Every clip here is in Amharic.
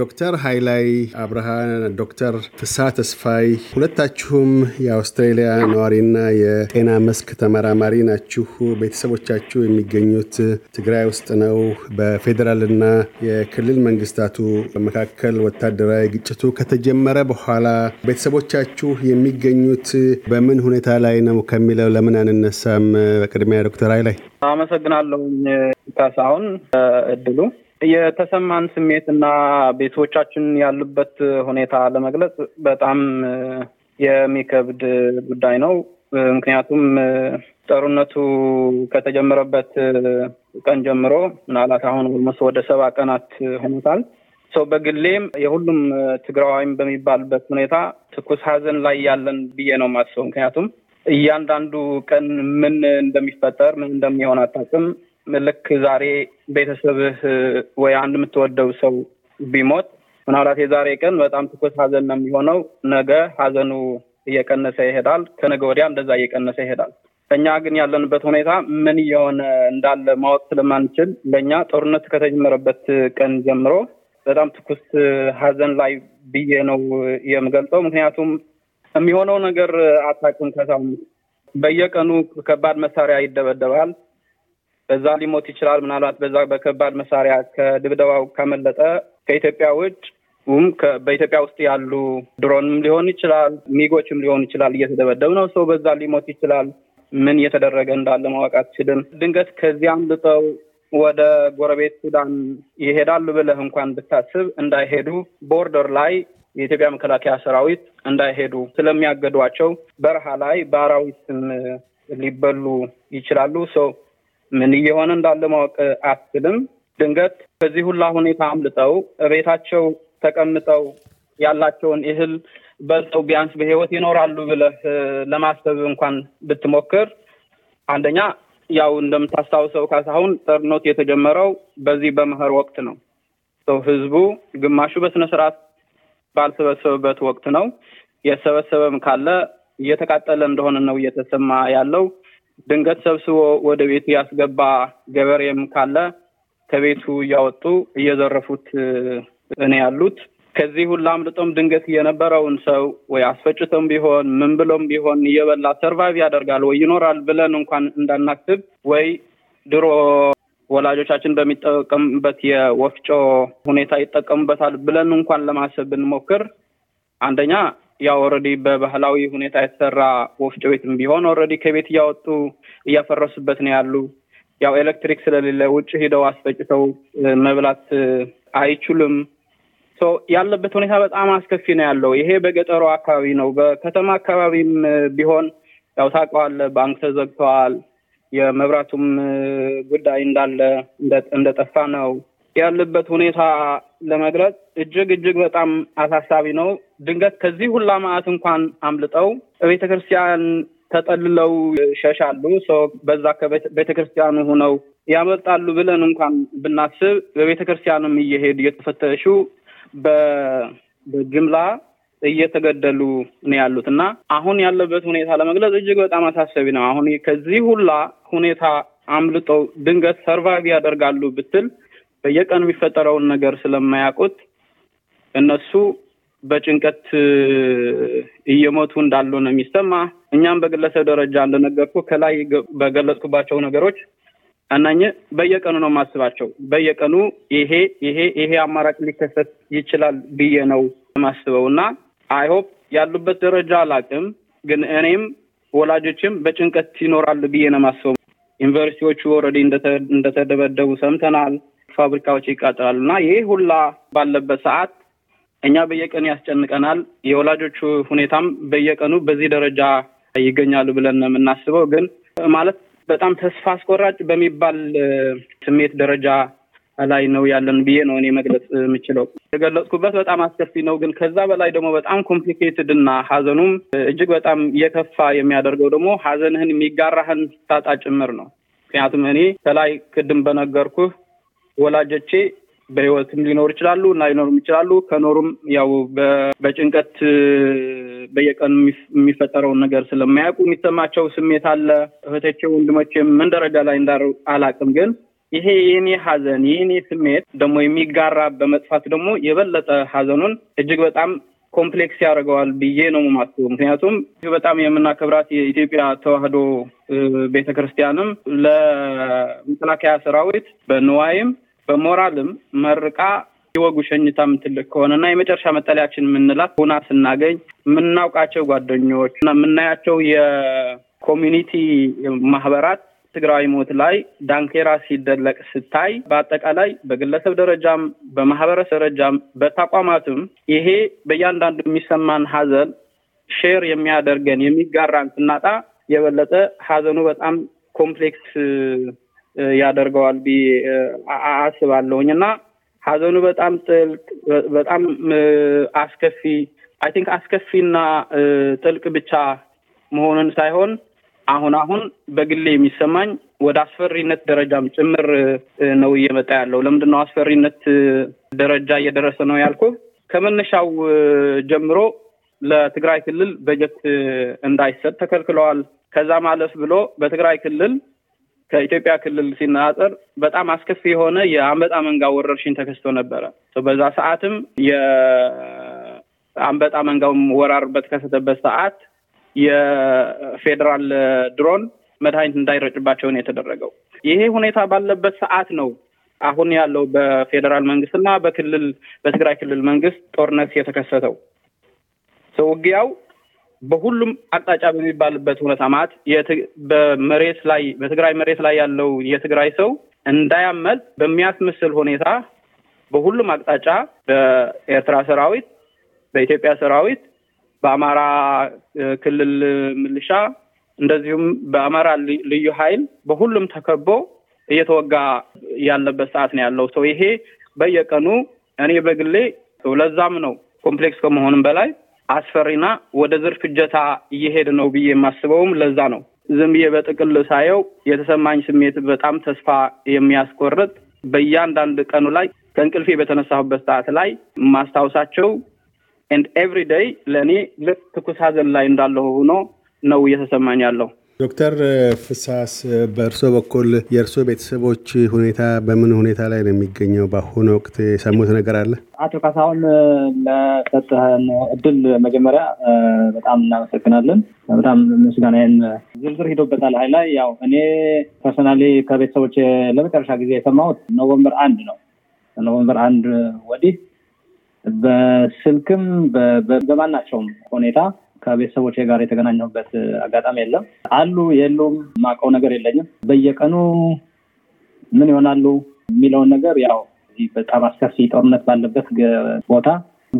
ዶክተር ሀይላይ አብርሃ፣ ዶክተር ፍሳ ተስፋይ ሁለታችሁም የአውስትሬሊያ ነዋሪና የጤና መስክ ተመራማሪ ናችሁ። ቤተሰቦቻችሁ የሚገኙት ትግራይ ውስጥ ነው። በፌዴራልና የክልል መንግስታቱ መካከል ወታደራዊ ግጭቱ ከተጀመረ በኋላ ቤተሰቦቻችሁ የሚገኙት በምን ሁኔታ ላይ ነው ከሚለው ለምን አንነሳም? በቅድሚያ ዶክተር ሀይላይ አመሰግናለሁኝ ካሳሁን እድሉ የተሰማን ስሜት እና ቤተሰቦቻችን ያሉበት ሁኔታ ለመግለጽ በጣም የሚከብድ ጉዳይ ነው። ምክንያቱም ጦርነቱ ከተጀመረበት ቀን ጀምሮ ምናልባት አሁን ኦልሞስት ወደ ሰባ ቀናት ሆኖታል። ሰው በግሌም የሁሉም ትግራዋይም በሚባልበት ሁኔታ ትኩስ ሀዘን ላይ ያለን ብዬ ነው ማስበው። ምክንያቱም እያንዳንዱ ቀን ምን እንደሚፈጠር ምን እንደሚሆን አታውቅም። ልክ ዛሬ ቤተሰብህ ወይ አንድ የምትወደው ሰው ቢሞት ምናልባት የዛሬ ቀን በጣም ትኩስ ሀዘን ነው የሚሆነው። ነገ ሀዘኑ እየቀነሰ ይሄዳል። ከነገ ወዲያ እንደዛ እየቀነሰ ይሄዳል። እኛ ግን ያለንበት ሁኔታ ምን እየሆነ እንዳለ ማወቅ ስለማንችል ለእኛ ጦርነት ከተጀመረበት ቀን ጀምሮ በጣም ትኩስ ሀዘን ላይ ብዬ ነው የምገልጸው። ምክንያቱም የሚሆነው ነገር አታውቅም። ከሳም በየቀኑ ከባድ መሳሪያ ይደበደባል። በዛ ሊሞት ይችላል። ምናልባት በዛ በከባድ መሳሪያ ከድብደባው ከመለጠ ከኢትዮጵያ ውጭ በኢትዮጵያ ውስጥ ያሉ ድሮንም ሊሆን ይችላል፣ ሚጎችም ሊሆን ይችላል። እየተደበደቡ ነው። ሰው በዛ ሊሞት ይችላል። ምን እየተደረገ እንዳለ ማወቅ አትችልም። ድንገት ከዚያም ልጠው ወደ ጎረቤት ሱዳን ይሄዳሉ ብለህ እንኳን ብታስብ እንዳይሄዱ ቦርደር ላይ የኢትዮጵያ መከላከያ ሰራዊት እንዳይሄዱ ስለሚያገዷቸው በረሃ ላይ በአራዊትም ሊበሉ ይችላሉ ሰው ምን እየሆነ እንዳለ ማወቅ አትችልም። ድንገት በዚህ ሁላ ሁኔታ አምልጠው ቤታቸው ተቀምጠው ያላቸውን እህል በልተው ቢያንስ በህይወት ይኖራሉ ብለህ ለማሰብ እንኳን ብትሞክር አንደኛ ያው እንደምታስታውሰው ካሳሁን ጦርነቱ የተጀመረው በዚህ በመኸር ወቅት ነው። ሰው ህዝቡ ግማሹ በስነስርዓት ባልሰበሰበበት ወቅት ነው። የሰበሰበም ካለ እየተቃጠለ እንደሆነ ነው እየተሰማ ያለው። ድንገት ሰብስቦ ወደ ቤቱ ያስገባ ገበሬም ካለ ከቤቱ እያወጡ እየዘረፉት እኔ ያሉት ከዚህ ሁላ አምልጦም ድንገት የነበረውን ሰው ወይ አስፈጭቶም ቢሆን ምን ብሎም ቢሆን እየበላ ሰርቫይቭ ያደርጋል ወይ ይኖራል ብለን እንኳን እንዳናስብ ወይ ድሮ ወላጆቻችን በሚጠቀሙበት የወፍጮ ሁኔታ ይጠቀሙበታል ብለን እንኳን ለማሰብ ብንሞክር አንደኛ ያው ኦልሬዲ በባህላዊ ሁኔታ የተሰራ ወፍጮ ቤትም ቢሆን ኦልሬዲ ከቤት እያወጡ እያፈረሱበት ነው ያሉ። ያው ኤሌክትሪክ ስለሌለ ውጭ ሂደው አስፈጭተው መብላት አይችሉም። ያለበት ሁኔታ በጣም አስከፊ ነው ያለው። ይሄ በገጠሩ አካባቢ ነው። በከተማ አካባቢም ቢሆን ያው ታውቀዋለህ፣ ባንክ ተዘግተዋል። የመብራቱም ጉዳይ እንዳለ እንደጠፋ ነው ያለበት ሁኔታ ለመግለጽ እጅግ እጅግ በጣም አሳሳቢ ነው። ድንገት ከዚህ ሁላ መዓት እንኳን አምልጠው ቤተ ክርስቲያን ተጠልለው ይሸሻሉ። በዛ ከቤተ ክርስቲያኑ ሁነው ያመልጣሉ ብለን እንኳን ብናስብ በቤተ ክርስቲያንም እየሄዱ እየተፈተሹ በጅምላ እየተገደሉ ነው ያሉት እና አሁን ያለበት ሁኔታ ለመግለጽ እጅግ በጣም አሳሳቢ ነው። አሁን ከዚህ ሁላ ሁኔታ አምልጠው ድንገት ሰርቫይቭ ያደርጋሉ ብትል በየቀኑ የሚፈጠረውን ነገር ስለማያውቁት እነሱ በጭንቀት እየሞቱ እንዳሉ ነው የሚሰማ። እኛም በግለሰብ ደረጃ እንደነገርኩ ከላይ በገለጽኩባቸው ነገሮች አናኘ በየቀኑ ነው ማስባቸው። በየቀኑ ይሄ ይሄ ይሄ አማራጭ ሊከሰት ይችላል ብዬ ነው ማስበው እና አይሆፕ ያሉበት ደረጃ አላቅም፣ ግን እኔም ወላጆችም በጭንቀት ይኖራሉ ብዬ ነው ማስበው። ዩኒቨርሲቲዎቹ ኦልሬዲ እንደተደበደቡ ሰምተናል። ፋብሪካዎች ይቃጠላሉ እና ይህ ሁላ ባለበት ሰዓት እኛ በየቀኑ ያስጨንቀናል። የወላጆቹ ሁኔታም በየቀኑ በዚህ ደረጃ ይገኛሉ ብለን ነው የምናስበው። ግን ማለት በጣም ተስፋ አስቆራጭ በሚባል ስሜት ደረጃ ላይ ነው ያለን ብዬ ነው እኔ መግለጽ የምችለው። የገለጽኩበት በጣም አስከፊ ነው። ግን ከዛ በላይ ደግሞ በጣም ኮምፕሊኬትድ እና ሀዘኑም እጅግ በጣም የከፋ የሚያደርገው ደግሞ ሀዘንህን የሚጋራህን ታጣ ጭምር ነው። ምክንያቱም እኔ ከላይ ቅድም በነገርኩህ ወላጆቼ በህይወትም ሊኖሩ ይችላሉ እና ሊኖሩም ይችላሉ። ከኖሩም ያው በጭንቀት በየቀኑ የሚፈጠረውን ነገር ስለማያውቁ የሚሰማቸው ስሜት አለ። እህቶቼ ወንድሞቼም ምን ደረጃ ላይ እንዳሩ አላውቅም ግን ይሄ የኔ ሀዘን የኔ ስሜት ደግሞ የሚጋራ በመጥፋት ደግሞ የበለጠ ሀዘኑን እጅግ በጣም ኮምፕሌክስ ያደርገዋል ብዬ ነው የማስበው። ምክንያቱም በጣም የምናከብራት የኢትዮጵያ ተዋህዶ ቤተክርስቲያንም ለመከላከያ ሰራዊት በንዋይም በሞራልም መርቃ ይወጉ ሸኝታ የምትልቅ ከሆነ እና የመጨረሻ መጠለያችን የምንላት ሁና ስናገኝ የምናውቃቸው ጓደኞች እና የምናያቸው የኮሚኒቲ ማህበራት ትግራዊ ሞት ላይ ዳንኬራ ሲደለቅ ስታይ በአጠቃላይ በግለሰብ ደረጃም በማህበረሰብ ደረጃም በተቋማትም ይሄ በእያንዳንዱ የሚሰማን ሀዘን ሼር የሚያደርገን የሚጋራን ስናጣ የበለጠ ሀዘኑ በጣም ኮምፕሌክስ ያደርገዋል ብዬ አስባለሁኝ እና ሀዘኑ በጣም ጥልቅ በጣም አስከፊ አይ ቲንክ አስከፊና ጥልቅ ብቻ መሆኑን ሳይሆን አሁን አሁን በግሌ የሚሰማኝ ወደ አስፈሪነት ደረጃም ጭምር ነው እየመጣ ያለው። ለምንድን አስፈሪነት ደረጃ እየደረሰ ነው ያልኩ? ከመነሻው ጀምሮ ለትግራይ ክልል በጀት እንዳይሰጥ ተከልክለዋል። ከዛ ማለፍ ብሎ በትግራይ ክልል ከኢትዮጵያ ክልል ሲናጠር በጣም አስከፊ የሆነ የአንበጣ መንጋ ወረርሽኝ ተከስቶ ነበረ። በዛ ሰዓትም የአንበጣ መንጋውም ወራር በተከሰተበት ሰዓት የፌዴራል ድሮን መድኃኒት እንዳይረጭባቸው ነው የተደረገው። ይሄ ሁኔታ ባለበት ሰዓት ነው አሁን ያለው በፌዴራል መንግስትና በክልል በትግራይ ክልል መንግስት ጦርነት የተከሰተው። ውጊያው በሁሉም አቅጣጫ በሚባልበት እውነታ ማለት በመሬት ላይ በትግራይ መሬት ላይ ያለው የትግራይ ሰው እንዳያመልጥ በሚያስመስል ሁኔታ በሁሉም አቅጣጫ በኤርትራ ሰራዊት፣ በኢትዮጵያ ሰራዊት፣ በአማራ ክልል ምልሻ እንደዚሁም በአማራ ልዩ ኃይል በሁሉም ተከቦ እየተወጋ ያለበት ሰዓት ነው ያለው ሰው ይሄ በየቀኑ እኔ በግሌ ለዛም ነው ኮምፕሌክስ ከመሆንም በላይ አስፈሪና ወደ ዝርፍ እጀታ እየሄድ ነው ብዬ የማስበውም ለዛ ነው። ዝም ብዬ በጥቅል ሳየው የተሰማኝ ስሜት በጣም ተስፋ የሚያስቆርጥ በእያንዳንድ ቀኑ ላይ ከእንቅልፌ በተነሳሁበት ሰዓት ላይ ማስታውሳቸው ኤንድ ኤቭሪ ደይ ለእኔ ልክ ትኩስ ሀዘን ላይ እንዳለሁ ሆኖ ነው እየተሰማኝ ያለው። ዶክተር ፍሳስ በእርሶ በኩል የእርሶ ቤተሰቦች ሁኔታ በምን ሁኔታ ላይ ነው የሚገኘው? በአሁኑ ወቅት የሰሙት ነገር አለ? አቶ ካሳሁን ለሰጠህን እድል መጀመሪያ በጣም እናመሰግናለን። በጣም ምስጋናዬን ዝርዝር ሂዶበታል ሀይ ላይ ያው እኔ ፐርሰናሊ ከቤተሰቦች ለመጨረሻ ጊዜ የሰማሁት ኖቨምበር አንድ ነው። ኖቨምበር አንድ ወዲህ በስልክም በማናቸውም ሁኔታ ከቤተሰቦች ጋር የተገናኘሁበት አጋጣሚ የለም። አሉ የሉም ማውቀው ነገር የለኝም። በየቀኑ ምን ይሆናሉ የሚለውን ነገር ያው በጣም አስከፊ ጦርነት ባለበት ቦታ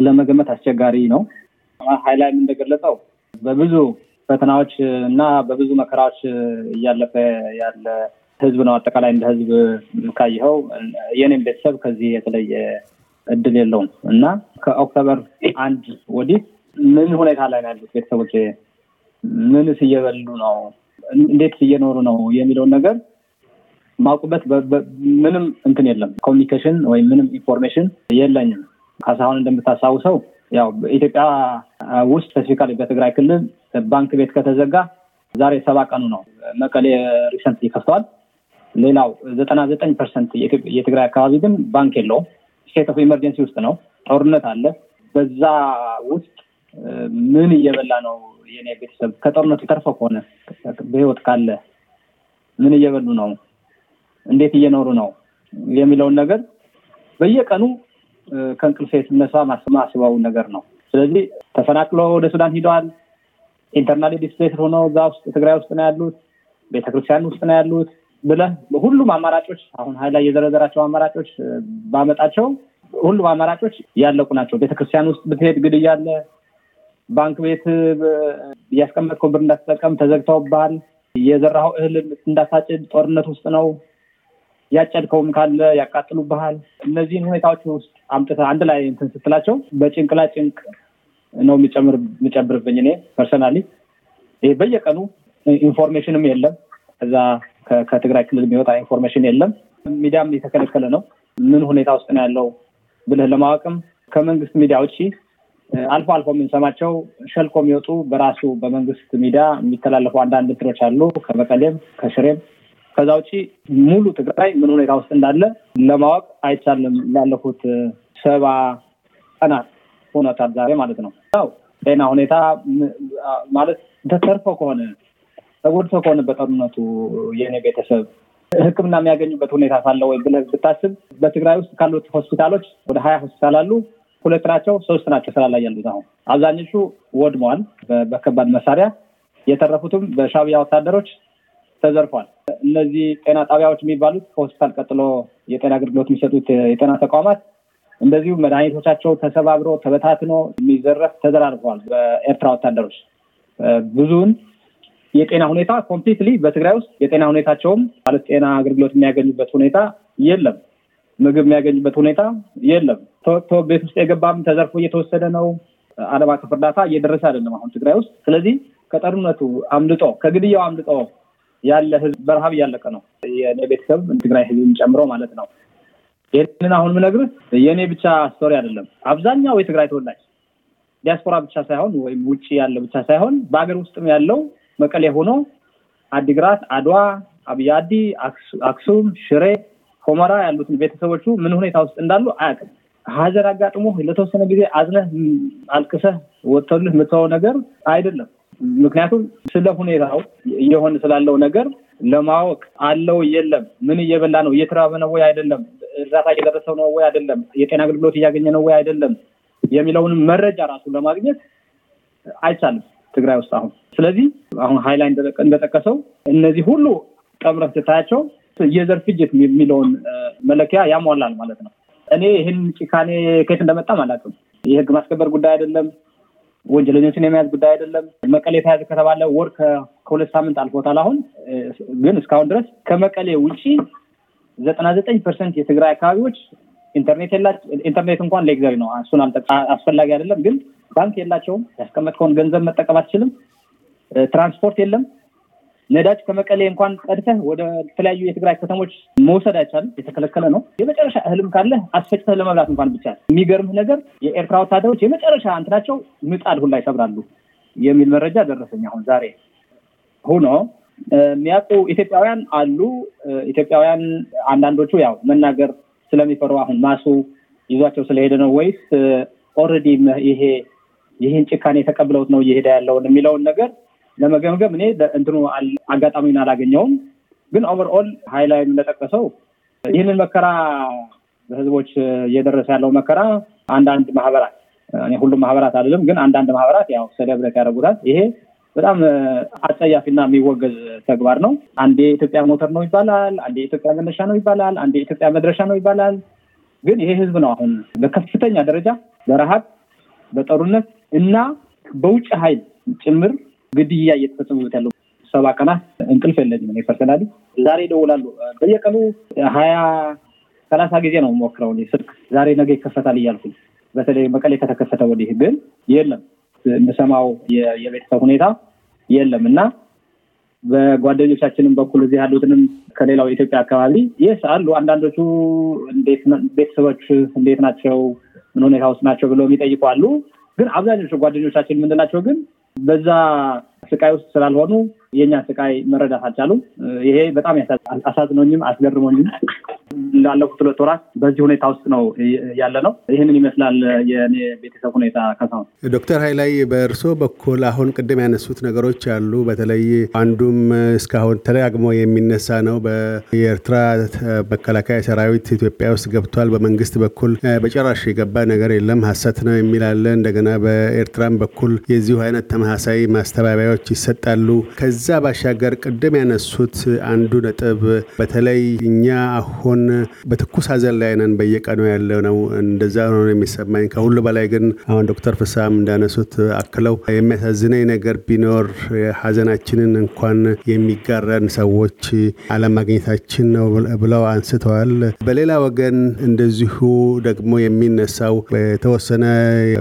ለመገመት አስቸጋሪ ነው። ሀይላይም እንደገለጸው በብዙ ፈተናዎች እና በብዙ መከራዎች እያለፈ ያለ ህዝብ ነው። አጠቃላይ እንደ ህዝብ ካየኸው የኔም ቤተሰብ ከዚህ የተለየ እድል የለውም እና ከኦክቶበር አንድ ወዲህ ምን ሁኔታ ላይ ነው ያሉት ቤተሰቦች? ምንስ እየበሉ ነው? እንዴት እየኖሩ ነው የሚለውን ነገር ማውቁበት ምንም እንትን የለም። ኮሚኒኬሽን ወይም ምንም ኢንፎርሜሽን የለኝም። ካሳሁን እንደምታስታውሰው ያው በኢትዮጵያ ውስጥ ስፔሲፊካሊ በትግራይ ክልል ባንክ ቤት ከተዘጋ ዛሬ ሰባ ቀኑ ነው። መቀሌ ሪሰንት ይከፍተዋል። ሌላው ዘጠና ዘጠኝ ፐርሰንት የትግራይ አካባቢ ግን ባንክ የለውም። ስቴት ኦፍ ኢመርጀንሲ ውስጥ ነው። ጦርነት አለ። በዛ ውስጥ ምን እየበላ ነው የኔ ቤተሰብ ከጦርነቱ ተርፎ ከሆነ በህይወት ካለ ምን እየበሉ ነው እንዴት እየኖሩ ነው የሚለውን ነገር በየቀኑ ከእንቅልፌ ስነሳ ማስባው ነገር ነው ስለዚህ ተፈናቅሎ ወደ ሱዳን ሂደዋል ኢንተርናል ዲስፕሌት ሆነው እዛ ውስጥ ትግራይ ውስጥ ነው ያሉት ቤተክርስቲያን ውስጥ ነው ያሉት ብለ ሁሉም አማራጮች አሁን ሀይላ የዘረዘራቸው አማራጮች ባመጣቸው ሁሉም አማራጮች ያለቁ ናቸው ቤተክርስቲያን ውስጥ ብትሄድ ግድያ አለ ባንክ ቤት እያስቀመጥከው ብር እንዳትጠቀም ተዘግተውብሃል፣ የዘራኸው እህል እንዳታጭድ ጦርነት ውስጥ ነው፣ ያጨድከውም ካለ ያቃጥሉብሃል። እነዚህን ሁኔታዎች ውስጥ አምጥተህ አንድ ላይ እንትን ስትላቸው በጭንቅ ላይ ጭንቅ ነው የሚጨምርብኝ። እኔ ፐርሰናሊ ይህ በየቀኑ ኢንፎርሜሽንም የለም ከዛ ከትግራይ ክልል የሚወጣ ኢንፎርሜሽን የለም። ሚዲያም የተከለከለ ነው። ምን ሁኔታ ውስጥ ነው ያለው ብልህ ለማወቅም ከመንግስት ሚዲያ ውጭ አልፎ አልፎ የምንሰማቸው ሸልቆ የሚወጡ በራሱ በመንግስት ሚዲያ የሚተላለፉ አንዳንድ እንትኖች አሉ ከመቀሌም ከሽሬም ከዛ ውጪ ሙሉ ትግራይ ምን ሁኔታ ውስጥ እንዳለ ለማወቅ አይቻልም። ላለፉት ሰባ ቀናት ሆኗታል ዛሬ ማለት ነው። ው ጤና ሁኔታ ማለት ተተርፎ ከሆነ ተጎድቶ ከሆነ በጠርነቱ የኔ ቤተሰብ ህክምና የሚያገኙበት ሁኔታ ሳለ ወይ ብለህ ብታስብ በትግራይ ውስጥ ካሉት ሆስፒታሎች ወደ ሀያ ሆስፒታል አሉ። ሁለት ናቸው ሶስት ናቸው ስራ ላይ ያሉት አሁን አብዛኞቹ ወድመዋል በከባድ መሳሪያ የተረፉትም በሻቢያ ወታደሮች ተዘርፏል እነዚህ ጤና ጣቢያዎች የሚባሉት ከሆስፒታል ቀጥሎ የጤና አገልግሎት የሚሰጡት የጤና ተቋማት እንደዚሁ መድኃኒቶቻቸው ተሰባብሮ ተበታትኖ የሚዘረፍ ተዘራርፈዋል በኤርትራ ወታደሮች ብዙውን የጤና ሁኔታ ኮምፕሊትሊ በትግራይ ውስጥ የጤና ሁኔታቸውም ማለት ጤና አገልግሎት የሚያገኙበት ሁኔታ የለም ምግብ የሚያገኙበት ሁኔታ የለም ተወቅቶ ቤት ውስጥ የገባም ተዘርፎ እየተወሰደ ነው። ዓለም አቀፍ እርዳታ እየደረሰ አይደለም አሁን ትግራይ ውስጥ። ስለዚህ ከጠርነቱ አምልጦ ከግድያው አምልጦ ያለ ህዝብ በረሃብ እያለቀ ነው። የእኔ ቤተሰብ ትግራይ ህዝብን ጨምሮ ማለት ነው። ይህንን አሁን ምነግርህ የእኔ ብቻ ስቶሪ አይደለም። አብዛኛው የትግራይ ተወላጅ ዲያስፖራ ብቻ ሳይሆን ወይም ውጭ ያለ ብቻ ሳይሆን በሀገር ውስጥም ያለው መቀሌ ሆኖ አዲግራት፣ አድዋ፣ አብያዲ፣ አክሱም፣ ሽሬ፣ ሆመራ ያሉትን ቤተሰቦቹ ምን ሁኔታ ውስጥ እንዳሉ አያውቅም። ሀዘን አጋጥሞ ለተወሰነ ጊዜ አዝነህ አልቅሰህ ወጥተልህ ምተው ነገር አይደለም። ምክንያቱም ስለ ሁኔታው እየሆነ ስላለው ነገር ለማወቅ አለው የለም፣ ምን እየበላ ነው፣ እየተራበ ነው ወይ አይደለም፣ እርዳታ እየደረሰው ነው ወይ አይደለም፣ የጤና አገልግሎት እያገኘ ነው ወይ አይደለም የሚለውንም መረጃ ራሱ ለማግኘት አይቻልም ትግራይ ውስጥ አሁን። ስለዚህ አሁን ሀይላይ እንደጠቀሰው እነዚህ ሁሉ ጠምረህ ስታያቸው የዘር ፍጅት የሚለውን መለኪያ ያሟላል ማለት ነው። እኔ ይህን ጭካኔ ከየት እንደመጣም አላውቅም። የህግ ማስከበር ጉዳይ አይደለም፣ ወንጀለኞችን የመያዝ ጉዳይ አይደለም። መቀሌ የተያዘ ከተባለ ወር ከሁለት ሳምንት አልፎታል። አሁን ግን እስካሁን ድረስ ከመቀሌ ውጪ ዘጠና ዘጠኝ ፐርሰንት የትግራይ አካባቢዎች ኢንተርኔት የላቸው። ኢንተርኔት እንኳን ሌግዘሪ ነው፣ እሱን አስፈላጊ አይደለም። ግን ባንክ የላቸውም። ያስቀመጥከውን ገንዘብ መጠቀም አትችልም። ትራንስፖርት የለም። ነዳጅ ከመቀሌ እንኳን ቀድተህ ወደ ተለያዩ የትግራይ ከተሞች መውሰድ አይቻልም፣ የተከለከለ ነው። የመጨረሻ እህልም ካለ አስፈጭተህ ለመብላት እንኳን ብቻ። የሚገርምህ ነገር የኤርትራ ወታደሮች የመጨረሻ እንትናቸው ምጣድ ሁላ ይሰብራሉ የሚል መረጃ ደረሰኝ አሁን ዛሬ ሆኖ የሚያውቁ ኢትዮጵያውያን አሉ። ኢትዮጵያውያን አንዳንዶቹ ያው መናገር ስለሚፈሩ አሁን ማሱ ይዟቸው ስለሄደ ነው ወይስ ኦልሬዲ ይሄ ይህን ጭካኔ ተቀብለውት ነው እየሄደ ያለውን የሚለውን ነገር ለመገምገም እኔ እንትኑ አጋጣሚውን አላገኘውም። ግን ኦቨር ኦል ሀይ ላይ እንደጠቀሰው ይህንን መከራ በህዝቦች እየደረሰ ያለው መከራ አንዳንድ ማህበራት ሁሉም ማህበራት አይደለም፣ ግን አንዳንድ ማህበራት ያው ሴሌብሬት ያደረጉታል። ይሄ በጣም አጸያፊና የሚወገዝ ተግባር ነው። አንዴ የኢትዮጵያ ሞተር ነው ይባላል፣ አንዴ የኢትዮጵያ መነሻ ነው ይባላል፣ አንዴ የኢትዮጵያ መድረሻ ነው ይባላል። ግን ይሄ ህዝብ ነው አሁን በከፍተኛ ደረጃ በረሃብ በጦርነት እና በውጭ ሀይል ጭምር ግድያ እየተፈጸመበት ያለው ሰባ ቀናት እንቅልፍ የለኝም እኔ ፐርሰናሊ። ዛሬ እደውላለሁ በየቀኑ ሀያ ሰላሳ ጊዜ ነው ሞክረው ስልክ ዛሬ ነገ ይከፈታል እያልኩኝ በተለይ መቀሌ ከተከፈተ ወዲህ ግን የለም የምሰማው የቤተሰብ ሁኔታ የለም እና በጓደኞቻችንም በኩል እዚህ ያሉትንም ከሌላው የኢትዮጵያ አካባቢ የስ አሉ አንዳንዶቹ ቤተሰቦች እንዴት ናቸው ምን ሁኔታ ውስጥ ናቸው ብለው የሚጠይቁ አሉ ግን አብዛኞቹ ጓደኞቻችን የምንላቸው ግን በዛ ስቃይ ውስጥ ስላልሆኑ የኛ ስቃይ መረዳት አልቻሉም። ይሄ በጣም አሳዝኖኝም አስገርሞኝም ላለፉት ሁለት ወራት በዚህ ሁኔታ ውስጥ ነው ያለ ነው። ይህንን ይመስላል የእኔ ቤተሰብ ሁኔታ። ከሳሁን ዶክተር ሀይላይ በእርስዎ በኩል አሁን ቅድም ያነሱት ነገሮች አሉ። በተለይ አንዱም እስካሁን ተደጋግሞ የሚነሳ ነው። የኤርትራ መከላከያ ሰራዊት ኢትዮጵያ ውስጥ ገብቷል፣ በመንግስት በኩል በጭራሽ የገባ ነገር የለም ሀሰት ነው የሚል እንደገና በኤርትራም በኩል የዚሁ አይነት ተመሳሳይ ማስተባበያዎች ይሰጣሉ። ከዛ ባሻገር ቅድም ያነሱት አንዱ ነጥብ በተለይ እኛ አሁን በትኩስ ሀዘን ላይ ነን፣ በየቀኑ ያለ ነው። እንደዛ ነው የሚሰማኝ። ከሁሉ በላይ ግን አሁን ዶክተር ፍሳም እንዳነሱት አክለው የሚያሳዝነኝ ነገር ቢኖር ሀዘናችንን እንኳን የሚጋረን ሰዎች አለማግኘታችን ነው ብለው አንስተዋል። በሌላ ወገን እንደዚሁ ደግሞ የሚነሳው በተወሰነ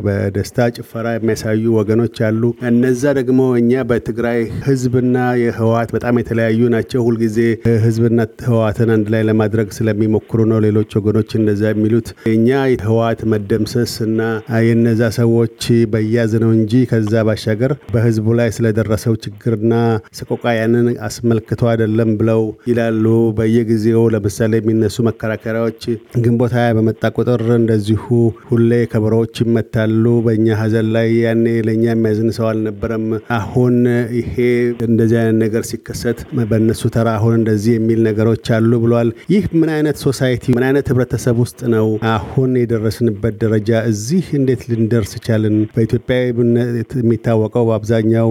በደስታ ጭፈራ የሚያሳዩ ወገኖች አሉ። እነዛ ደግሞ እኛ በትግራይ ህዝብና የህወሀት በጣም የተለያዩ ናቸው። ሁልጊዜ ህዝብና ህወሀትን አንድ ላይ ለማድረግ ስለሚሞ ተሞክሮ ነው። ሌሎች ወገኖች እንደዛ የሚሉት እኛ ህወሓት መደምሰስ እና የነዛ ሰዎች በያዝ ነው እንጂ ከዛ ባሻገር በህዝቡ ላይ ስለደረሰው ችግርና ሰቆቃ ያንን አስመልክቶ አይደለም ብለው ይላሉ። በየጊዜው ለምሳሌ የሚነሱ መከራከሪያዎች ግንቦት ሀያ በመጣ ቁጥር እንደዚሁ ሁሌ ከበሮዎች ይመታሉ። በእኛ ሀዘን ላይ ያኔ ለእኛ የሚያዝን ሰው አልነበረም። አሁን ይሄ እንደዚህ አይነት ነገር ሲከሰት በእነሱ ተራ አሁን እንደዚህ የሚል ነገሮች አሉ ብሏል። ይህ ምን አይነት ሶሳይቲ ምን አይነት ህብረተሰብ ውስጥ ነው አሁን የደረስንበት ደረጃ? እዚህ እንዴት ልንደርስ ቻልን? በኢትዮጵያዊነት የሚታወቀው በአብዛኛው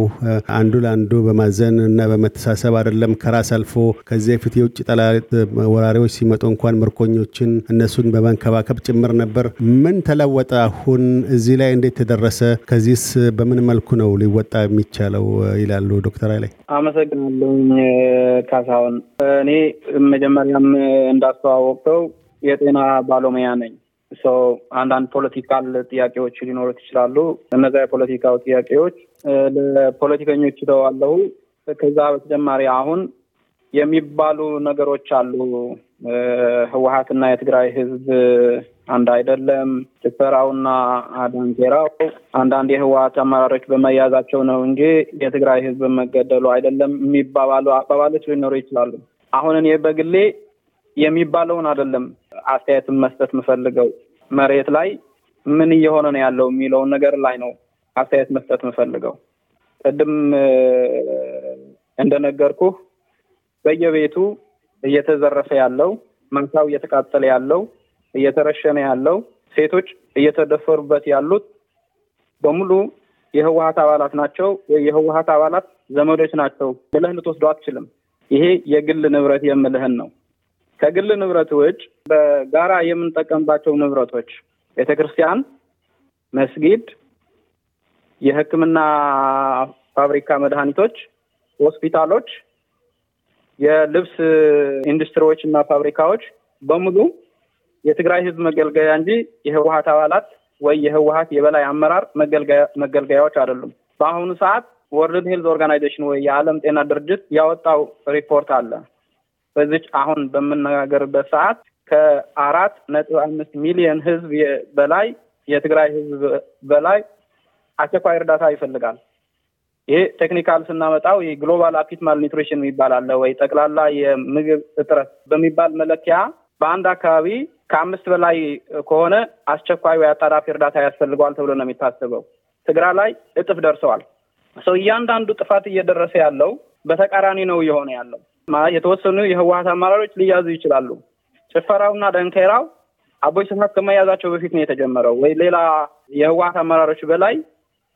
አንዱ ለአንዱ በማዘን እና በመተሳሰብ አይደለም። ከራስ አልፎ ከዚ በፊት የውጭ ጠላት ወራሪዎች ሲመጡ እንኳን ምርኮኞችን እነሱን በመንከባከብ ጭምር ነበር። ምን ተለወጠ? አሁን እዚህ ላይ እንዴት ተደረሰ? ከዚህስ በምን መልኩ ነው ሊወጣ የሚቻለው? ይላሉ ዶክተር አይላይ አመሰግናለኝ ካሳሁን። እኔ መጀመሪያም እንዳስተዋወ የማስተዋወቀው የጤና ባለሙያ ነኝ። አንዳንድ ፖለቲካል ጥያቄዎች ሊኖሩት ይችላሉ። እነዚ የፖለቲካው ጥያቄዎች ለፖለቲከኞች ተዋለሁ። ከዛ በተጨማሪ አሁን የሚባሉ ነገሮች አሉ። ህወሀትና የትግራይ ህዝብ አንድ አይደለም፣ ጭፈራውና አዳንቴራው አንዳንድ የህወሀት አመራሮች በመያዛቸው ነው እንጂ የትግራይ ህዝብ መገደሉ አይደለም የሚባባሉ አባባሎች ሊኖሩ ይችላሉ። አሁን እኔ በግሌ የሚባለውን አይደለም አስተያየትን መስጠት የምፈልገው መሬት ላይ ምን እየሆነ ነው ያለው የሚለውን ነገር ላይ ነው አስተያየት መስጠት የምፈልገው። ቅድም እንደነገርኩህ በየቤቱ እየተዘረፈ ያለው፣ መንካው እየተቃጠለ ያለው፣ እየተረሸነ ያለው፣ ሴቶች እየተደፈሩበት ያሉት በሙሉ የህወሀት አባላት ናቸው ወይ የህወሀት አባላት ዘመዶች ናቸው ብለህ ልትወስደው አትችልም። ይሄ የግል ንብረት የምልህን ነው። ከግል ንብረት ውጭ በጋራ የምንጠቀምባቸው ንብረቶች ቤተ ክርስቲያን፣ መስጊድ፣ የሕክምና ፋብሪካ መድኃኒቶች፣ ሆስፒታሎች፣ የልብስ ኢንዱስትሪዎች እና ፋብሪካዎች በሙሉ የትግራይ ሕዝብ መገልገያ እንጂ የህወሀት አባላት ወይ የህወሀት የበላይ አመራር መገልገያዎች አይደሉም። በአሁኑ ሰዓት ወርልድ ሄልዝ ኦርጋናይዜሽን ወይ የዓለም ጤና ድርጅት ያወጣው ሪፖርት አለ በዚች አሁን በምነጋገርበት ሰዓት ከአራት ነጥብ አምስት ሚሊዮን ህዝብ በላይ የትግራይ ህዝብ በላይ አስቸኳይ እርዳታ ይፈልጋል። ይሄ ቴክኒካል ስናመጣው የግሎባል አኪት ማልኒትሪሽን የሚባል አለ ወይ ጠቅላላ የምግብ እጥረት በሚባል መለኪያ በአንድ አካባቢ ከአምስት በላይ ከሆነ አስቸኳይ ወይ አጣዳፊ እርዳታ ያስፈልገዋል ተብሎ ነው የሚታሰበው። ትግራይ ላይ እጥፍ ደርሰዋል። ሰው እያንዳንዱ ጥፋት እየደረሰ ያለው በተቃራኒ ነው እየሆነ ያለው። የተወሰኑ የህወሀት አመራሮች ሊያዙ ይችላሉ። ጭፈራውና ደንከራው አቦይ ስብሀት ከመያዛቸው በፊት ነው የተጀመረው፣ ወይ ሌላ የህወሀት አመራሮች በላይ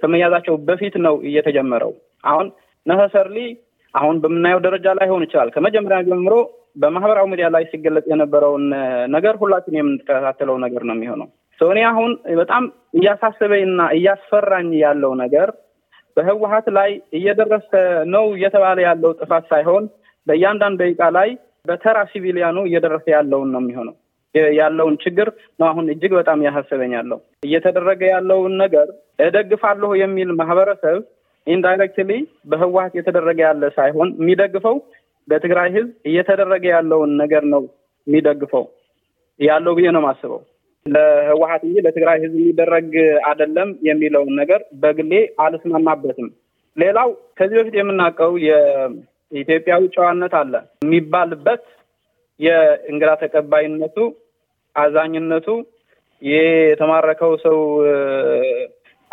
ከመያዛቸው በፊት ነው እየተጀመረው። አሁን ነሰሰርሊ አሁን በምናየው ደረጃ ላይ ሆን ይችላል። ከመጀመሪያ ጀምሮ በማህበራዊ ሚዲያ ላይ ሲገለጽ የነበረውን ነገር ሁላችን የምንከታተለው ነገር ነው የሚሆነው። እኔ አሁን በጣም እያሳሰበኝና እያስፈራኝ ያለው ነገር በህወሀት ላይ እየደረሰ ነው እየተባለ ያለው ጥፋት ሳይሆን በእያንዳንድ ደቂቃ ላይ በተራ ሲቪሊያኑ እየደረሰ ያለውን ነው የሚሆነው ያለውን ችግር ነው አሁን እጅግ በጣም ያሳሰበኛለሁ። እየተደረገ ያለውን ነገር እደግፋለሁ የሚል ማህበረሰብ ኢንዳይሬክትሊ በህወሀት እየተደረገ ያለ ሳይሆን የሚደግፈው በትግራይ ህዝብ እየተደረገ ያለውን ነገር ነው የሚደግፈው ያለው ብዬ ነው ማስበው ለህወሀት እንጂ ለትግራይ ህዝብ የሚደረግ አይደለም የሚለውን ነገር በግሌ አልስማማበትም። ሌላው ከዚህ በፊት የምናውቀው ኢትዮጵያዊ ጨዋነት አለ የሚባልበት የእንግዳ ተቀባይነቱ፣ አዛኝነቱ፣ የተማረከው ሰው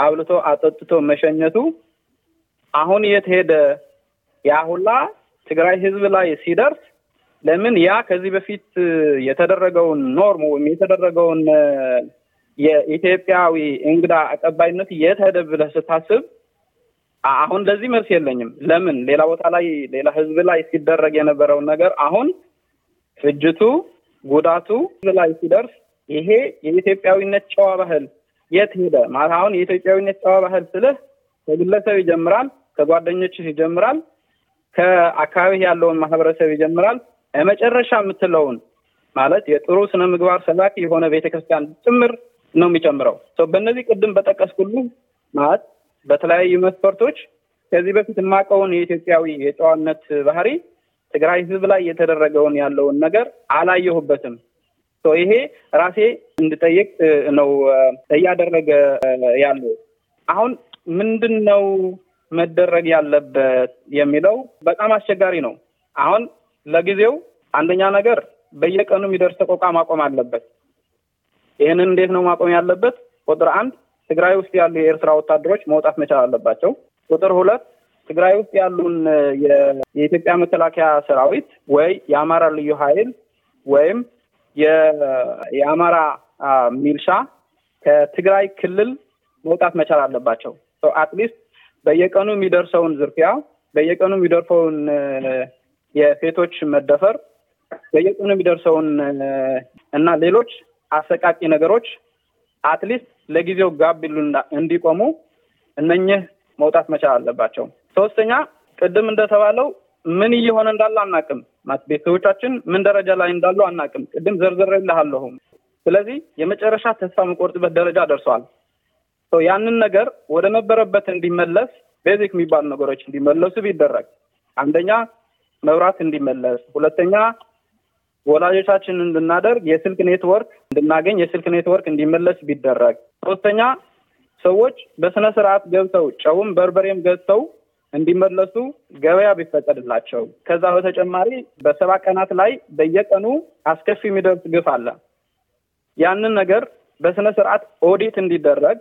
አብልቶ አጠጥቶ መሸኘቱ አሁን የት ሄደ? ያ ሁላ ትግራይ ህዝብ ላይ ሲደርስ ለምን ያ ከዚህ በፊት የተደረገውን ኖርም ወይም የተደረገውን የኢትዮጵያዊ እንግዳ አቀባይነት የት ሄደ ብለህ ስታስብ አሁን ለዚህ መልስ የለኝም። ለምን ሌላ ቦታ ላይ ሌላ ህዝብ ላይ ሲደረግ የነበረውን ነገር አሁን ፍጅቱ፣ ጉዳቱ ህዝብ ላይ ሲደርስ ይሄ የኢትዮጵያዊነት ጨዋ ባህል የት ሄደ? ማለት አሁን የኢትዮጵያዊነት ጨዋ ባህል ስልህ ከግለሰብ ይጀምራል፣ ከጓደኞች ይጀምራል፣ ከአካባቢ ያለውን ማህበረሰብ ይጀምራል። ለመጨረሻ የምትለውን ማለት የጥሩ ስነ ምግባር ሰላኪ የሆነ ቤተክርስቲያን ጭምር ነው የሚጨምረው። በእነዚህ ቅድም በጠቀስኩልህ ማለት በተለያዩ መስፈርቶች ከዚህ በፊት የማውቀውን የኢትዮጵያዊ የጨዋነት ባህሪ ትግራይ ህዝብ ላይ የተደረገውን ያለውን ነገር አላየሁበትም። ይሄ ራሴ እንድጠይቅ ነው እያደረገ ያለው። አሁን ምንድን ነው መደረግ ያለበት የሚለው በጣም አስቸጋሪ ነው። አሁን ለጊዜው አንደኛ ነገር በየቀኑ የሚደርስ ተቆቃ ማቆም አለበት። ይህንን እንዴት ነው ማቆም ያለበት? ቁጥር አንድ ትግራይ ውስጥ ያሉ የኤርትራ ወታደሮች መውጣት መቻል አለባቸው። ቁጥር ሁለት ትግራይ ውስጥ ያሉን የኢትዮጵያ መከላከያ ሰራዊት ወይ የአማራ ልዩ ኃይል ወይም የአማራ ሚልሻ ከትግራይ ክልል መውጣት መቻል አለባቸው። አትሊስት በየቀኑ የሚደርሰውን ዝርፊያ፣ በየቀኑ የሚደርሰውን የሴቶች መደፈር፣ በየቀኑ የሚደርሰውን እና ሌሎች አሰቃቂ ነገሮች አትሊስት ለጊዜው ጋብ ቢሉ እንዲቆሙ እነኝህ መውጣት መቻል አለባቸው። ሶስተኛ ቅድም እንደተባለው ምን እየሆነ እንዳለ አናቅም። ቤተሰቦቻችን ምን ደረጃ ላይ እንዳሉ አናቅም። ቅድም ዘርዝሬልሃለሁም። ስለዚህ የመጨረሻ ተስፋ መቆርጥበት ደረጃ ደርሰዋል። ያንን ነገር ወደ ነበረበት እንዲመለስ ቤዚክ የሚባሉ ነገሮች እንዲመለሱ ቢደረግ አንደኛ መብራት እንዲመለስ፣ ሁለተኛ ወላጆቻችን እንድናደርግ የስልክ ኔትወርክ እንድናገኝ የስልክ ኔትወርክ እንዲመለስ ቢደረግ፣ ሶስተኛ ሰዎች በስነ ስርዓት ገብተው ጨውም በርበሬም ገዝተው እንዲመለሱ ገበያ ቢፈቀድላቸው። ከዛ በተጨማሪ በሰባ ቀናት ላይ በየቀኑ አስከፊ የሚደርስ ግፍ አለ። ያንን ነገር በስነ ስርዓት ኦዲት እንዲደረግ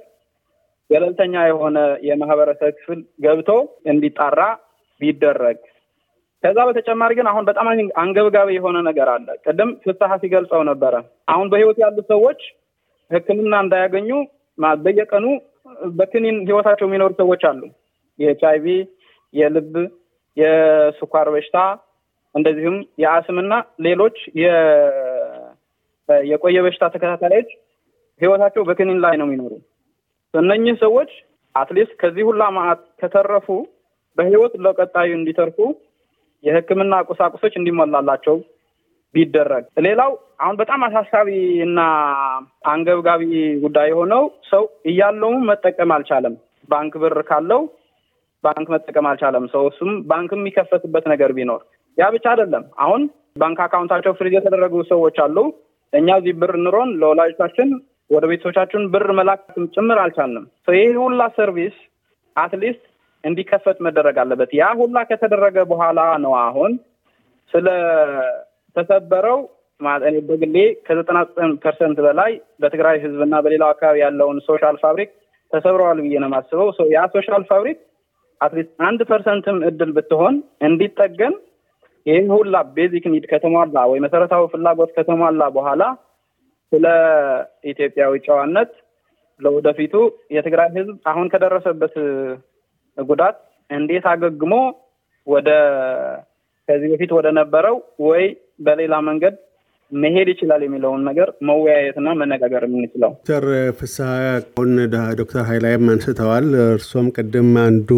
ገለልተኛ የሆነ የማህበረሰብ ክፍል ገብቶ እንዲጣራ ቢደረግ ከዛ በተጨማሪ ግን አሁን በጣም አንገብጋቢ የሆነ ነገር አለ። ቅድም ፍስሐ ሲገልጸው ነበረ። አሁን በህይወት ያሉ ሰዎች ሕክምና እንዳያገኙ በየቀኑ በክኒን ህይወታቸው የሚኖሩ ሰዎች አሉ። የኤች አይ ቪ፣ የልብ፣ የስኳር በሽታ እንደዚሁም የአስምና ሌሎች የቆየ በሽታ ተከታታዮች ህይወታቸው በክኒን ላይ ነው የሚኖሩ። እነኚህ ሰዎች አትሊስት ከዚህ ሁላ መዓት ከተረፉ በህይወት ለቀጣዩ እንዲተርፉ የሕክምና ቁሳቁሶች እንዲሞላላቸው ቢደረግ። ሌላው አሁን በጣም አሳሳቢ እና አንገብጋቢ ጉዳይ የሆነው ሰው እያለውም መጠቀም አልቻለም። ባንክ ብር ካለው ባንክ መጠቀም አልቻለም ሰው። እሱም ባንክ የሚከፈትበት ነገር ቢኖር ያ ብቻ አይደለም። አሁን ባንክ አካውንታቸው ፍሪዝ የተደረጉ ሰዎች አሉ። እኛ እዚህ ብር ኑሮን ለወላጆቻችን ወደ ቤተሰቦቻችን ብር መላክ ጭምር አልቻልንም። ይህ ሁላ ሰርቪስ አትሊስት እንዲከፈት መደረግ አለበት። ያ ሁላ ከተደረገ በኋላ ነው አሁን ስለ ተሰበረው በግሌ ከዘጠና ዘጠኝ ፐርሰንት በላይ በትግራይ ህዝብና በሌላው አካባቢ ያለውን ሶሻል ፋብሪክ ተሰብረዋል ብዬ ነው የማስበው። ያ ሶሻል ፋብሪክ አትሊስት አንድ ፐርሰንትም እድል ብትሆን እንዲጠገን ይህን ሁላ ቤዚክ ኒድ ከተሟላ ወይ መሰረታዊ ፍላጎት ከተሟላ በኋላ ስለ ኢትዮጵያዊ ጨዋነት ለወደፊቱ የትግራይ ህዝብ አሁን ከደረሰበት ጉዳት እንዴት አገግሞ ወደ ከዚህ በፊት ወደ ነበረው ወይ በሌላ መንገድ መሄድ ይችላል የሚለውን ነገር መወያየትና መነጋገር የምንችለው። ዶክተር ፍስሀ አሁን ዶክተር ሀይላይም አንስተዋል። እርሶም ቅድም አንዱ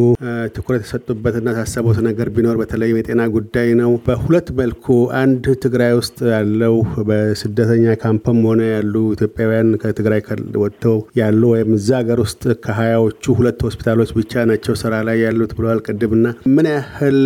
ትኩረት የሰጡበትና ታሰቡት ነገር ቢኖር በተለይ የጤና ጉዳይ ነው። በሁለት መልኩ አንድ ትግራይ ውስጥ ያለው በስደተኛ ካምፕም ሆነ ያሉ ኢትዮጵያውያን ከትግራይ ወጥተው ያሉ ወይም እዛ ሀገር ውስጥ ከሀያዎቹ ሁለት ሆስፒታሎች ብቻ ናቸው ስራ ላይ ያሉት ብለዋል ቅድምና ምን ያህል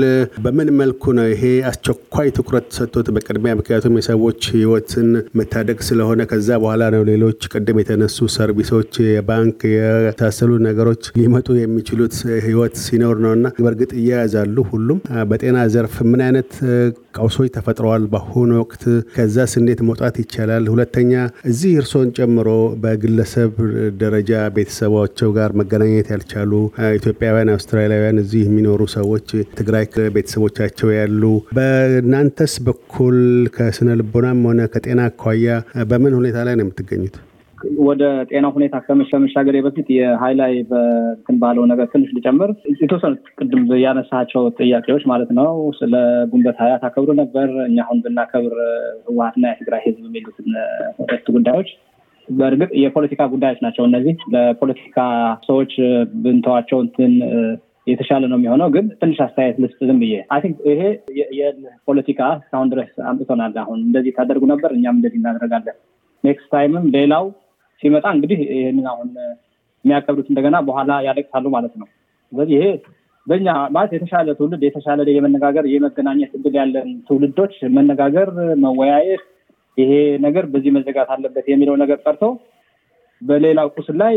በምን መልኩ ነው ይሄ አስቸኳይ ትኩረት ሰጥቶት በቅድሚያ ምክንያቱም የሰዎች ህይወትን መታደግ ስለሆነ ከዛ በኋላ ነው ሌሎች ቅድም የተነሱ ሰርቪሶች፣ የባንክ የታሰሉ ነገሮች ሊመጡ የሚችሉት ህይወት ሲኖር ነው እና በእርግጥ እያያዛሉ ሁሉም። በጤና ዘርፍ ምን አይነት ቀውሶች ተፈጥረዋል በአሁኑ ወቅት? ከዛስ እንዴት መውጣት ይቻላል? ሁለተኛ እዚህ እርሶን ጨምሮ በግለሰብ ደረጃ ቤተሰባቸው ጋር መገናኘት ያልቻሉ ኢትዮጵያውያን፣ አውስትራሊያውያን እዚህ የሚኖሩ ሰዎች ትግራይ ቤተሰቦቻቸው ያሉ በእናንተስ በኩል ከስነ ልቦናም ሆነ ከጤና አኳያ በምን ሁኔታ ላይ ነው የምትገኙት? ወደ ጤና ሁኔታ ከመሻገሬ በፊት የሀይ ላይ በትን ባለው ነገር ትንሽ ልጨምር። የተወሰኑ ቅድም ያነሳቸው ጥያቄዎች ማለት ነው። ስለ ጉንበት ሃያ ታከብሩ ነበር። እኛ አሁን ብናከብር ህወሀትና የትግራይ ህዝብ የሚሉት ሁለት ጉዳዮች በእርግጥ የፖለቲካ ጉዳዮች ናቸው። እነዚህ ለፖለቲካ ሰዎች ብንተዋቸው እንትን የተሻለ ነው የሚሆነው። ግን ትንሽ አስተያየት ልስጥ ዝም ብዬ አይ ቲንክ ይሄ የፖለቲካ እስካሁን ድረስ አምጥቶናል። አሁን እንደዚህ ታደርጉ ነበር እኛም እንደዚህ እናደረጋለን ኔክስት ታይምም ሌላው ሲመጣ እንግዲህ ይህንን አሁን የሚያከብዱት እንደገና በኋላ ያለቅሳሉ ማለት ነው። ስለዚህ ይሄ በኛ ማለት የተሻለ ትውልድ የተሻለ የመነጋገር የመገናኘት እድል ያለን ትውልዶች መነጋገር፣ መወያየት ይሄ ነገር በዚህ መዘጋት አለበት የሚለው ነገር ቀርቶ በሌላ ቁስል ላይ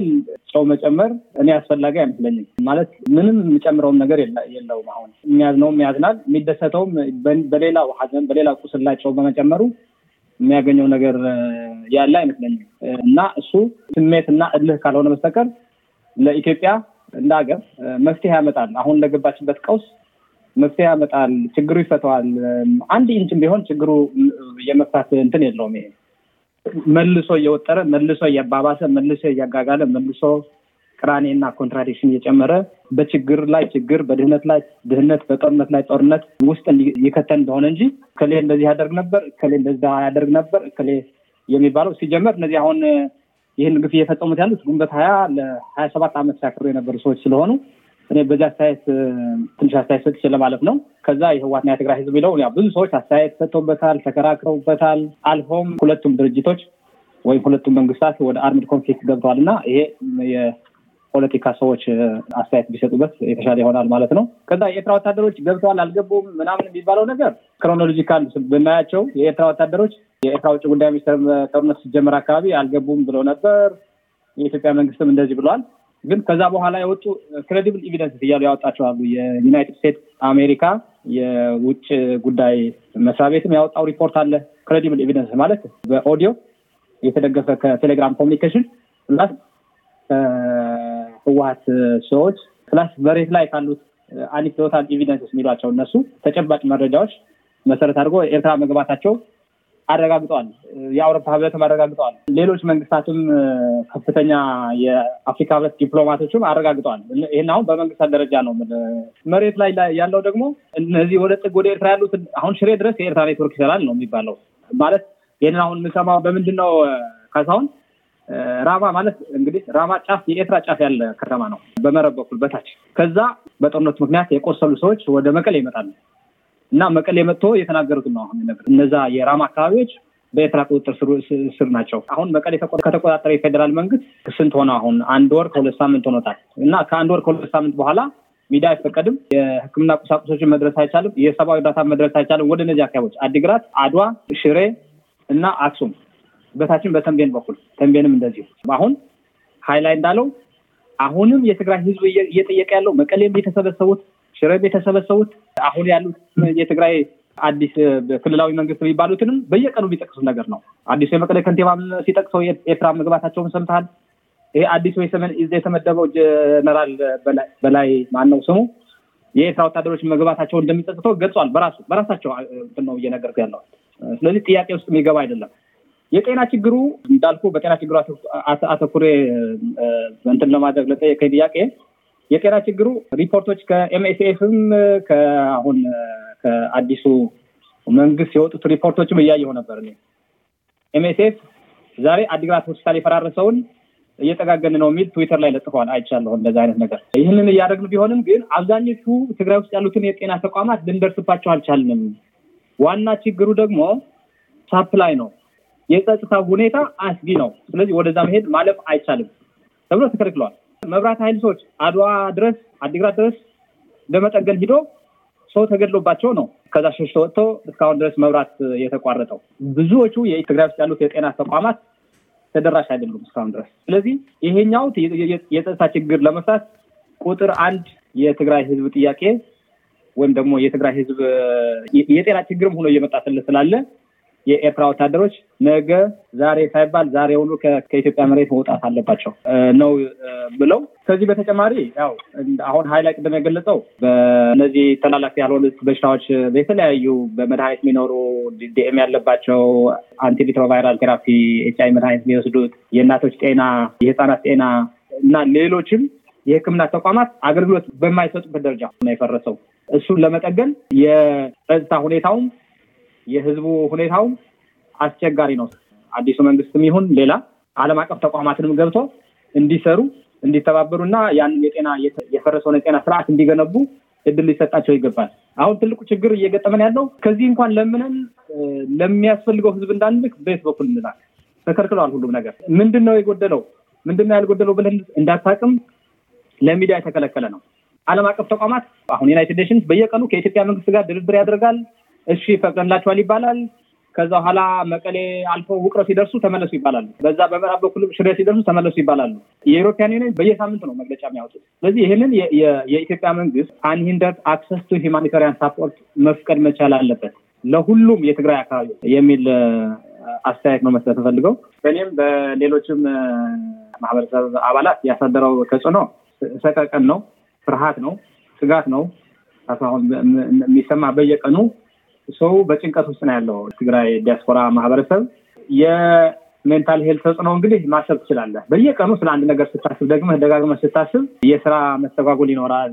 ጨው መጨመር እኔ አስፈላጊ አይመስለኝም። ማለት ምንም የሚጨምረውም ነገር የለውም። አሁን የሚያዝነውም ያዝናል፣ የሚደሰተውም በሌላው ሐዘን በሌላ ቁስል ላይ ጨው በመጨመሩ የሚያገኘው ነገር ያለ አይመስለኝም እና እሱ ስሜትና እልህ ካልሆነ በስተቀር ለኢትዮጵያ እንደ ሀገር መፍትሄ ያመጣል። አሁን ለገባችበት ቀውስ መፍትሄ ያመጣል። ችግሩ ይፈተዋል። አንድ ኢንችም ቢሆን ችግሩ የመፍታት እንትን የለውም ይሄ መልሶ እየወጠረ መልሶ እያባባሰ መልሶ እያጋጋለ መልሶ ቅራኔና ኮንትራዲክሽን እየጨመረ በችግር ላይ ችግር፣ በድህነት ላይ ድህነት፣ በጦርነት ላይ ጦርነት ውስጥ እየከተን እንደሆነ እንጂ ከሌ እንደዚህ ያደርግ ነበር፣ ከሌ እንደዚህ ያደርግ ነበር፣ ከሌ የሚባለው ሲጀመር እነዚህ አሁን ይህን ግፍ እየፈጸሙት ያሉት ግንቦት ሀያ ለሀያ ሰባት ዓመት ሲያክሩ የነበሩ ሰዎች ስለሆኑ እኔ በዚህ አስተያየት ትንሽ አስተያየት ሰጥቼ ለማለፍ ነው። ከዛ የህዋትና የትግራይ ህዝብ የሚለው ብዙ ሰዎች አስተያየት ሰጥተውበታል፣ ተከራክረውበታል። አልፎም ሁለቱም ድርጅቶች ወይም ሁለቱም መንግስታት ወደ አርምድ ኮንፍሊክት ገብተዋል እና ይሄ የፖለቲካ ሰዎች አስተያየት ቢሰጡበት የተሻለ ይሆናል ማለት ነው። ከዛ የኤርትራ ወታደሮች ገብተዋል አልገቡም ምናምን የሚባለው ነገር ክሮኖሎጂካል ብናያቸው የኤርትራ ወታደሮች የኤርትራ ውጭ ጉዳይ ሚኒስትር ጦርነት ሲጀመር አካባቢ አልገቡም ብለው ነበር። የኢትዮጵያ መንግስትም እንደዚህ ብለዋል። ግን ከዛ በኋላ የወጡ ክሬዲብል ኤቪደንስ እያሉ ያወጣቸዋሉ። የዩናይትድ ስቴትስ አሜሪካ የውጭ ጉዳይ መስሪያ ቤትም ያወጣው ሪፖርት አለ። ክሬዲብል ኤቪደንስ ማለት በኦዲዮ የተደገፈ ከቴሌግራም ኮሚኒኬሽን ፕላስ ከህወሀት ሰዎች ፕላስ መሬት ላይ ካሉት አኒክዶታል ኤቪደንስ የሚሏቸው እነሱ ተጨባጭ መረጃዎች መሰረት አድርጎ ኤርትራ መግባታቸው አረጋግጠዋል። የአውሮፓ ህብረትም አረጋግጠዋል። ሌሎች መንግስታትም ከፍተኛ የአፍሪካ ህብረት ዲፕሎማቶችም አረጋግጠዋል። ይህን አሁን በመንግስታት ደረጃ ነው። መሬት ላይ ያለው ደግሞ እነዚህ ወደ ጥግ ወደ ኤርትራ ያሉት አሁን ሽሬ ድረስ የኤርትራ ኔትወርክ ይሰራል ነው የሚባለው። ማለት ይህንን አሁን የምንሰማው በምንድን ነው ካሳሁን? ራማ ማለት እንግዲህ ራማ ጫፍ የኤርትራ ጫፍ ያለ ከተማ ነው፣ በመረብ በኩል በታች። ከዛ በጦርነቱ ምክንያት የቆሰሉ ሰዎች ወደ መቀሌ ይመጣሉ። እና መቀሌ መጥቶ የተናገሩት ነው አሁን ነገር እነዛ የራማ አካባቢዎች በኤርትራ ቁጥጥር ስር ናቸው። አሁን መቀሌ ከተቆጣጠረ የፌዴራል መንግስት ስንት ሆነ? አሁን አንድ ወር ከሁለት ሳምንት ሆኖታል። እና ከአንድ ወር ከሁለት ሳምንት በኋላ ሚዲያ አይፈቀድም፣ የሕክምና ቁሳቁሶችን መድረስ አይቻልም፣ የሰብአዊ እርዳታ መድረስ አይቻልም። ወደ እነዚህ አካባቢዎች አዲግራት፣ አድዋ፣ ሽሬ እና አክሱም በታችን በተንቤን በኩል ተንቤንም እንደዚሁ አሁን ሀይላይ እንዳለው አሁንም የትግራይ ህዝብ እየጠየቀ ያለው መቀሌም የተሰበሰቡት ሽረ የተሰበሰቡት አሁን ያሉት የትግራይ አዲስ ክልላዊ መንግስት የሚባሉትንም በየቀኑ የሚጠቅሱት ነገር ነው። አዲሱ የመቀሌ ከንቲባ ሲጠቅሰው ኤርትራ መግባታቸውን ሰምተሃል። ይሄ አዲሱ የተመደበው ጀነራል በላይ ማነው ስሙ የኤርትራ ወታደሮች መግባታቸው እንደሚጠቅሰው ገልጿል። በራሱ በራሳቸው ነው እየነገርኩ ያለው። ስለዚህ ጥያቄ ውስጥ የሚገባ አይደለም። የጤና ችግሩ እንዳልኩ በጤና ችግሩ አተኩሬ እንትን ለማድረግ ለጠየቀኝ ጥያቄ የጤና ችግሩ ሪፖርቶች ከኤምኤስኤፍም ከአሁን ከአዲሱ መንግስት የወጡት ሪፖርቶችም እያየሁ ነበር። ኤምኤስኤፍ ዛሬ አዲግራት ሆስፒታል የፈራረሰውን እየጠጋገን ነው የሚል ትዊተር ላይ ለጥፈዋል። አይቻለሁ እንደዚህ አይነት ነገር። ይህንን እያደረግን ቢሆንም ግን አብዛኞቹ ትግራይ ውስጥ ያሉትን የጤና ተቋማት ልንደርስባቸው አልቻልንም። ዋና ችግሩ ደግሞ ሳፕላይ ነው። የጸጥታ ሁኔታ አስጊ ነው። ስለዚህ ወደዛ መሄድ ማለፍ አይቻልም ተብሎ ተከልክለዋል። መብራት ኃይል ሰዎች አድዋ ድረስ አዲግራት ድረስ ለመጠገል ሂዶ ሰው ተገድሎባቸው ነው ከዛ ሸሽቶ ወጥቶ እስካሁን ድረስ መብራት የተቋረጠው። ብዙዎቹ የትግራይ ውስጥ ያሉት የጤና ተቋማት ተደራሽ አይደሉም እስካሁን ድረስ። ስለዚህ ይሄኛው የጸጥታ ችግር ለመፍታት ቁጥር አንድ የትግራይ ህዝብ ጥያቄ ወይም ደግሞ የትግራይ ህዝብ የጤና ችግርም ሆኖ እየመጣ ስላለ የኤርትራ ወታደሮች ነገ ዛሬ ሳይባል ሁሉ ከኢትዮጵያ መሬት መውጣት አለባቸው ነው ብለው። ከዚህ በተጨማሪ ያው አሁን ቅድም የገለጸው በእነዚህ ተላላፊ ያልሆኑ በሽታዎች የተለያዩ በመድኃኒት የሚኖሩ ዲኤም ያለባቸው አንቲሪትሮቫይራል ቴራፒ፣ ኤች አይ መድኃኒት የሚወስዱት፣ የእናቶች ጤና፣ የህፃናት ጤና እና ሌሎችም የህክምና ተቋማት አገልግሎት በማይሰጡበት ደረጃ ነው የፈረሰው። እሱን ለመጠገን የጸጥታ ሁኔታውም የህዝቡ ሁኔታውም አስቸጋሪ ነው። አዲሱ መንግስትም ይሁን ሌላ ዓለም አቀፍ ተቋማትንም ገብቶ እንዲሰሩ እንዲተባበሩ እና ያንን የጤና የፈረሰውን የጤና ስርዓት እንዲገነቡ እድል ሊሰጣቸው ይገባል። አሁን ትልቁ ችግር እየገጠመን ያለው ከዚህ እንኳን ለምንን ለሚያስፈልገው ህዝብ እንዳንልክ በየት በኩል እንላል? ተከልክለዋል። ሁሉም ነገር ምንድን ነው የጎደለው ምንድን ነው ያልጎደለው ብለን እንዳታቅም ለሚዲያ የተከለከለ ነው። ዓለም አቀፍ ተቋማት አሁን ዩናይትድ ኔሽንስ በየቀኑ ከኢትዮጵያ መንግስት ጋር ድርድር ያደርጋል። እሺ ፈቅደንላቸዋል ይባላል። ከዛ በኋላ መቀሌ አልፎ ውቅሮ ሲደርሱ ተመለሱ ይባላሉ። በዛ በምዕራብ በኩልም ሽሬ ሲደርሱ ተመለሱ ይባላሉ። የኢሮፒያን ዩኒየን በየሳምንት ነው መግለጫ የሚያወጡት። ስለዚህ ይህንን የኢትዮጵያ መንግስት አንሂንደርድ አክሰስ ቱ ሂማኒታሪያን ሳፖርት መፍቀድ መቻል አለበት ለሁሉም የትግራይ አካባቢ የሚል አስተያየት ነው መስጠት ፈልገው በእኔም በሌሎችም ማህበረሰብ አባላት ያሳደረው ተጽዕኖ ሰቀቀን ነው፣ ፍርሃት ነው፣ ስጋት ነው። አሁን የሚሰማ በየቀኑ ሰው በጭንቀት ውስጥ ነው ያለው። ትግራይ ዲያስፖራ ማህበረሰብ የሜንታል ሄልት ተጽዕኖ እንግዲህ ማሰብ ትችላለህ። በየቀኑ ስለ አንድ ነገር ስታስብ፣ ደግመህ ደጋግመ ስታስብ የስራ መስተጓጎል ይኖራል፣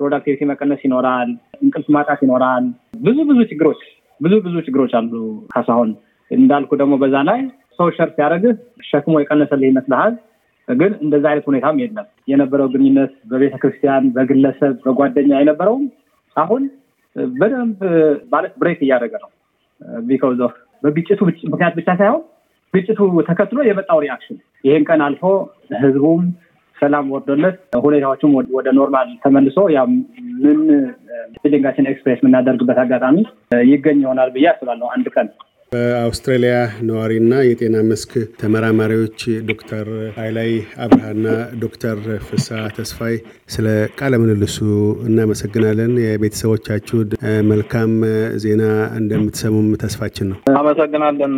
ፕሮዳክቲቪቲ መቀነስ ይኖራል፣ እንቅልፍ ማጣት ይኖራል። ብዙ ብዙ ችግሮች ብዙ ብዙ ችግሮች አሉ። ካሳሁን እንዳልኩ ደግሞ በዛ ላይ ሰው ሸር ሲያደርግህ ሸክሞ የቀነሰልህ ይመስልሃል፣ ግን እንደዛ አይነት ሁኔታም የለም። የነበረው ግንኙነት በቤተክርስቲያን፣ በግለሰብ፣ በጓደኛ የነበረውም አሁን በደንብ ማለት ብሬክ እያደረገ ነው። ቢኮዝ ኦፍ በግጭቱ ምክንያት ብቻ ሳይሆን ግጭቱ ተከትሎ የመጣው ሪአክሽን ይሄን ቀን አልፎ ህዝቡም ሰላም ወርዶለት ሁኔታዎችም ወደ ኖርማል ተመልሶ ያ ምን ፊሊንጋችን ኤክስፕሬስ የምናደርግበት አጋጣሚ ይገኝ ይሆናል ብዬ አስባለሁ አንድ ቀን በአውስትራሊያ ነዋሪና የጤና መስክ ተመራማሪዎች ዶክተር ሀይላይ አብርሃና ዶክተር ፍሳ ተስፋይ ስለ ቃለ ምልልሱ እናመሰግናለን። የቤተሰቦቻችሁ መልካም ዜና እንደምትሰሙም ተስፋችን ነው። አመሰግናለን።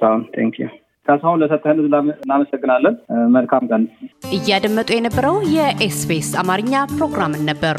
ሳሁን ቴንክ ዩ። ካሳሁን ለሰጠህን እናመሰግናለን። መልካም ቀን። እያደመጡ የነበረው የኤስቢኤስ አማርኛ ፕሮግራምን ነበር።